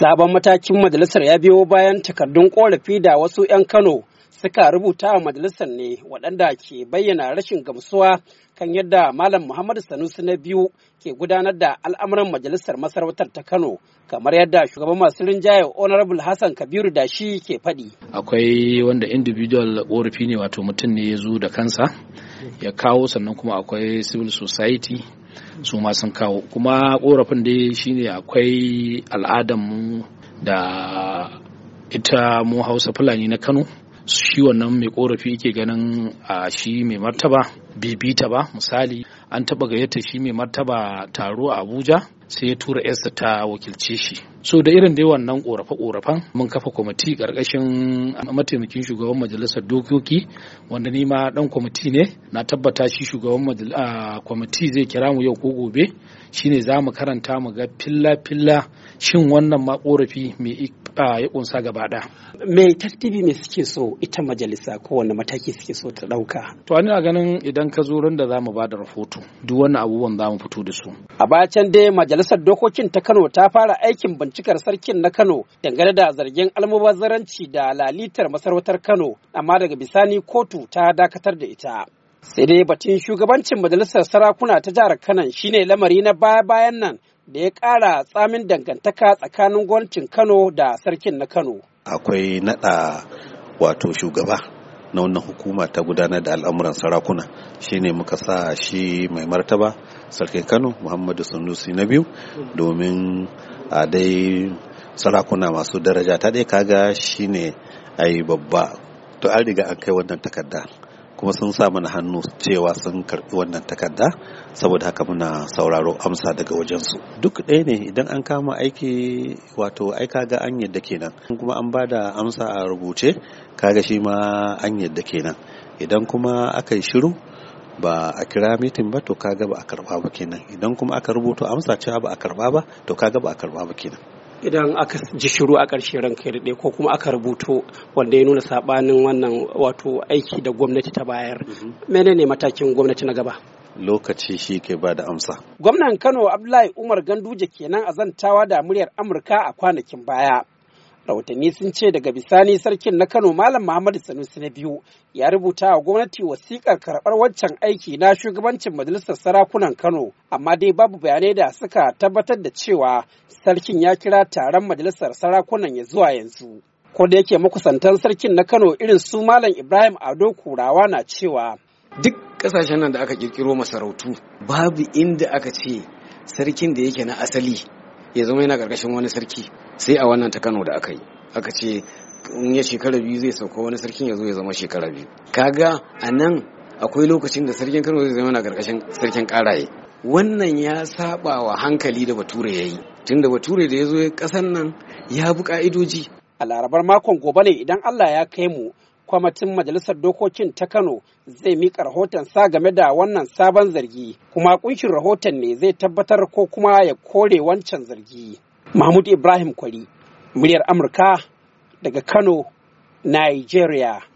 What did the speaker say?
Sabon matakin majalisar ya biyo bayan takardun korafi da wasu 'yan Kano suka rubuta wa majalisar ne waɗanda ke bayyana rashin gamsuwa kan yadda Malam Muhammadu Sanusi na biyu ke gudanar da al'amuran majalisar masarautar ta Kano kamar yadda shugaban masu rinjaye Honorable Hassan Kabiru da shi ke faɗi. Akwai wanda individual korafi ne wato mutum ne ya zo da kansa ya kawo sannan kuma akwai civil society su ma sun kawo kuma korafin dai shine akwai al'adanmu da ita mu hausa fulani na kano shi wannan mai korafi yake ganin a shi mai martaba bibita ba misali an taba gayyata shi mai martaba taro a abuja sai ya tura yarsa ta wakilce shi so da irin dai wannan korafe korafan mun kafa kwamiti karkashin mataimakin shugaban majalisar dokoki wanda ni ma dan kwamiti ne na tabbata shi shugaban kwamiti zai kira mu yau ko gobe shine za mu karanta mu ga filla filla shin wannan ma korafi mai ya kunsa gaba ɗaya. Me tartibi ne suke so ita majalisa Ko wanne mataki suke so ta ɗauka? To ina ganin idan ka zo randa da za mu ba da rahoto duk wannan abubuwan za mu fito da su. A baya can dai majalisar dokokin ta Kano ta fara aikin bincikar sarkin na Kano dangane da zargin almubazzaranci da lalitar masarautar Kano amma daga bisani kotu ta dakatar da ita. sai dai batun shugabancin majalisar sarakuna ta jihar kano shine lamari na baya-bayan nan da ya ƙara tsamin dangantaka tsakanin gwamnatin kano da sarkin na kano akwai nada wato shugaba na wannan hukuma ta gudanar da al'amuran sarakuna shine muka sa shi mai martaba sarkin kano muhammadu sanusi na biyu domin a dai sarakuna masu daraja ta dai kaga shine ai babba to an riga an kai wannan takarda kuma sun sa mana hannu cewa sun karbi wannan takarda saboda haka muna sauraro amsa daga wajensu duk ɗaya ne idan an kama aiki wato ai kaga an yadda kenan kuma an ba da amsa a rubuce kaga shi ma an yadda kenan idan kuma aka yi shiru ba a kira mitin ba to kaga ba a karba ba kenan idan kuma aka rubuto amsa cewa ba a karba ba to kaga ba a karba ba kenan idan aka ji shiru a ƙarshen ranka ya ko kuma aka rubuto wanda ya nuna saɓanin wannan wato aiki da gwamnati ta bayar mhm. menene matakin gwamnati na gaba lokaci shi ke ba da amsa. Gwamnan Kano Abdullahi Umar Ganduje kenan zantawa da muryar Amurka a kwanakin baya. rahotanni sun ce daga bisani sarkin na kano malam muhammadu sanusi na biyu ya rubuta wa gwamnati wasikar karɓar waccan aiki na shugabancin majalisar sarakunan kano amma dai babu bayanai da suka tabbatar da cewa sarkin ya kira taron majalisar sarakunan ya zuwa yanzu ko da yake makusantan sarkin na kano irin su malam ibrahim ado kurawa na cewa duk ƙasashen nan da aka kirkiro masarautu babu inda aka ce sarkin da yake na asali ya zama yana karkashin wani sarki sai a wannan ta Kano da aka yi aka ce in ya shekara biyu zai sauka wani sarkin ya zo ya zama shekara biyu kaga a nan akwai lokacin da sarkin Kano zai zama yana karkashin sarkin karaye wannan ya saba wa hankali da bature ya yi tun da bature da ya zo kasan nan ya bi ka'idoji a larabar makon gobe ne idan Allah ya kai mu kwamitin majalisar dokokin ta kano zai mika rahoton sa game da wannan sabon zargi kuma kunshin rahoton ne zai tabbatar ko kuma ya kore wancan zargi mahmud ibrahim kwari muryar amurka daga kano nigeria